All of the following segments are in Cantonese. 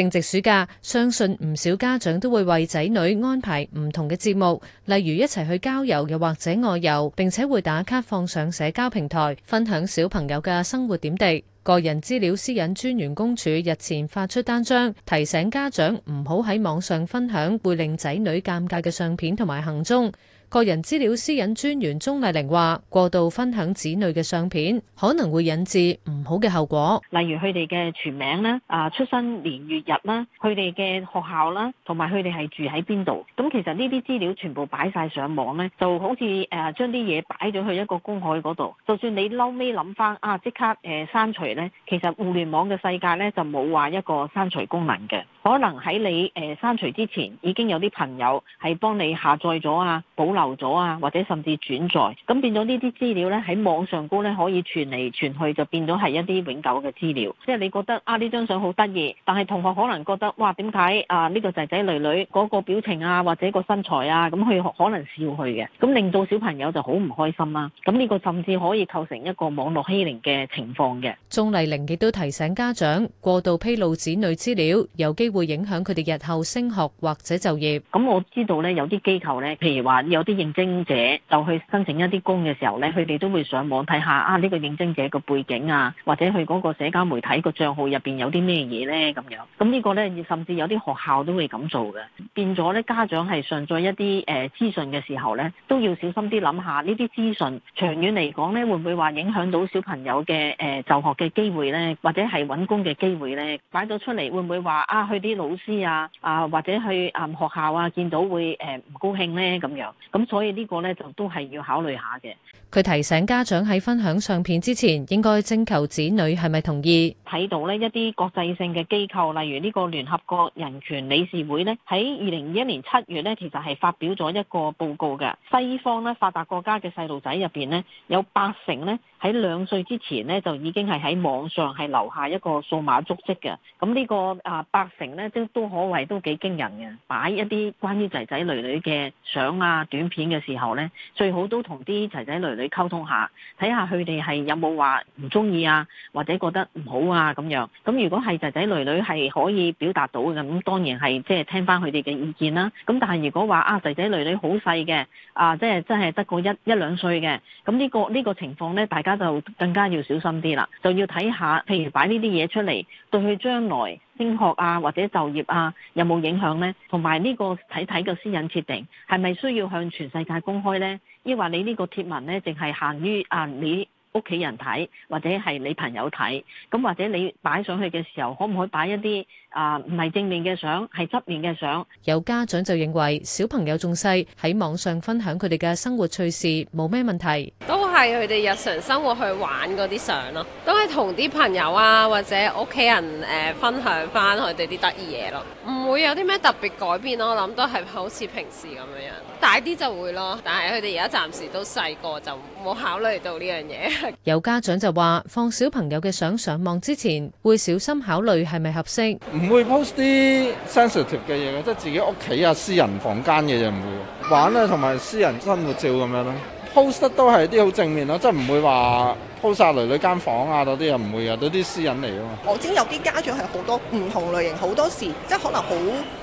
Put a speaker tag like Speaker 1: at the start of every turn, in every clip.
Speaker 1: 正值暑假，相信唔少家長都會為仔女安排唔同嘅節目，例如一齊去郊遊又或者外遊，並且會打卡放上社交平台，分享小朋友嘅生活點滴。個人資料私隱專員公署日前發出單張，提醒家長唔好喺網上分享會令仔女尷尬嘅相片同埋行蹤。個人資料私隱專員鍾麗玲話：過度分享子女嘅相片可能會引致唔好嘅後果，例如佢哋嘅全名啦、啊出生年月
Speaker 2: 日啦、佢哋嘅學校啦，同埋佢哋係住喺邊度。咁其實呢啲資料全部擺晒上網咧，就好似誒將啲嘢擺咗去一個公海嗰度，就算你嬲尾諗翻啊，即刻誒刪除咧，其實互聯網嘅世界咧就冇話一個刪除功能嘅。可能喺你誒刪除之前，已經有啲朋友係幫你下載咗啊，保留咗啊，或者甚至轉載，咁變咗呢啲資料咧喺網上高咧可以傳嚟傳去，就變咗係一啲永久嘅資料。即係你覺得啊，呢張相好得意，但係同學可能覺得哇點解啊呢個仔仔女女嗰個表情啊，或者個身材啊，咁佢可
Speaker 1: 能笑佢嘅，咁令到小朋友就好唔開心啦、啊。咁呢個甚至可以構成一個網絡欺凌嘅情況嘅。鍾麗玲亦都提醒家長過度披露子女資料有機會。會影響佢哋日後升學或者就業。咁我知道咧，有啲機構咧，譬
Speaker 2: 如話有啲應徵者就去申請一啲工嘅時候咧，佢哋都會上網睇下啊呢個應徵者個背景啊，或者去嗰個社交媒體個賬號入邊有啲咩嘢咧咁樣。咁呢個咧，甚至有啲學校都會咁做嘅。變咗咧，家長係上載一啲誒資訊嘅時候咧，都要小心啲諗下呢啲資訊長遠嚟講咧，會唔會話影響到小朋友嘅誒就學嘅機會咧，或者係搵工嘅機會咧？擺咗出嚟會唔會話啊去啲？啲老師啊啊或者去誒學校啊見到會誒唔高興咧咁樣，咁所以呢個咧就都係要考慮下嘅。
Speaker 1: 佢提醒家長喺分享相片之前，應該徵求子女係咪同意。
Speaker 2: 睇到呢一啲國際性嘅機構，例如呢個聯合國人權理事會呢，喺二零二一年七月呢，其實係發表咗一個報告嘅。西方咧，發達國家嘅細路仔入邊呢，有八成呢，喺兩歲之前呢，就已經係喺網上係留下一個數碼足跡嘅。咁呢個啊八成呢，都都可謂都幾驚人嘅。擺一啲關於仔仔女女嘅相啊、短片嘅時候呢，最好都同啲仔仔女女溝通下，睇下佢哋係有冇話唔中意啊，或者覺得唔好啊。啊，咁樣咁，如果係仔仔女女係可以表達到嘅咁，當然係即係聽翻佢哋嘅意見啦。咁但係如果話啊，仔仔女女好細嘅啊，即係真係得個一一兩歲嘅咁，呢個呢個情況咧，大家就更加要小心啲啦。就要睇下，譬如擺呢啲嘢出嚟對佢將來升學啊或者就業啊有冇影響咧？同埋呢個睇睇個私隱設定係咪需要向全世界公開咧？抑或你呢個貼文咧，淨係限於啊你，屋企人睇，或者係你朋友睇，咁或者你擺上去嘅時候，可唔可以擺一啲啊唔
Speaker 1: 係正面嘅相，係側面嘅相？有家長就認為小朋友仲細，喺網上分享佢哋嘅生活趣事冇咩問題，都係佢哋日常生活去玩嗰啲相咯，都係同啲朋友啊或者屋企人誒、呃、分享翻佢哋啲得意嘢咯，唔會有啲咩特別改變咯，我諗都係好似平時咁樣樣，大啲就會咯，但係佢哋而家暫時都細個就冇考慮到呢樣嘢。有家長就話：放小朋友嘅相上網之前，會小心考慮係咪合適，唔會
Speaker 3: post 啲 sensitive 嘅嘢，即係自己屋企啊、私人房間嘅嘢唔會，玩呀同埋私人生活照咁樣咯，post 得都係啲好正面咯，即係唔會話。鋪晒女女間房啊，嗰啲又唔會啊，嗰啲私隱嚟啊嘛。
Speaker 2: 我知有啲家長係好多唔同類型，好多時即係可能好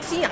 Speaker 2: 私隱，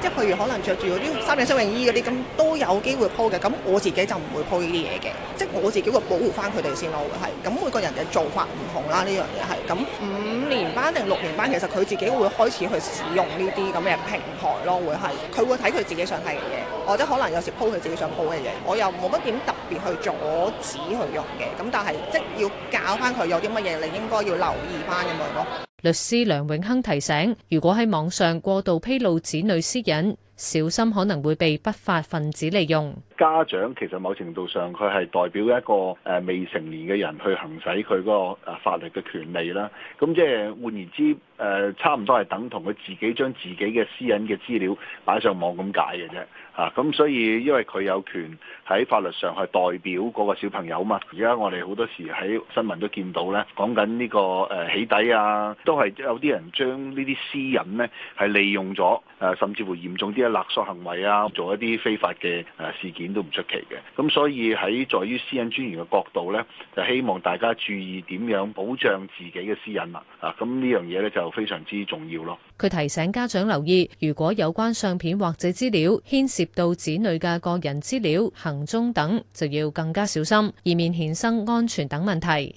Speaker 2: 即係譬如可能着住嗰啲三點式泳衣嗰啲，咁都有機會鋪嘅。咁我自己就唔會鋪呢啲嘢嘅，即係我自己會保護翻佢哋先咯，係。咁每個人嘅做法唔同啦，呢樣嘢係。咁五年班定六年班，其實佢自己會開始去使用呢啲咁嘅平台咯，會係。佢會睇佢自己想睇嘅嘢，或者可能有時鋪佢自己想鋪嘅嘢。我又冇乜點特別去阻止佢用嘅，咁但係即係。要教翻佢有啲乜嘢，你應該要留意翻咁樣
Speaker 1: 咯。律師梁永亨提醒，如果喺網上過度披露子女私隱，小心可能會被不法分子利用。
Speaker 3: 家長其實某程度上佢係代表一個誒未成年嘅人去行使佢嗰個誒法律嘅權利啦。咁即係換言之。誒差唔多係等同佢自己將自己嘅私隱嘅資料擺上網咁解嘅啫嚇，咁所以因為佢有權喺法律上係代表嗰個小朋友嘛。而家我哋好多時喺新聞都見到咧，講緊呢個誒起底啊，都係有啲人將呢啲私隱咧係利用咗誒、啊，甚至乎嚴重啲嘅勒索行為啊，做一啲非法嘅誒事件都唔出奇嘅。咁所以喺在，在於私隱專員嘅角度咧，就希望大家注意點樣保障自己嘅私隱啦。啊，咁呢樣嘢咧就～非常之重要咯。
Speaker 1: 佢提醒家長留意，如果有關相片或者資料牽涉到子女嘅個人資料、行蹤等，就要更加小心，以免衍生安全等問題。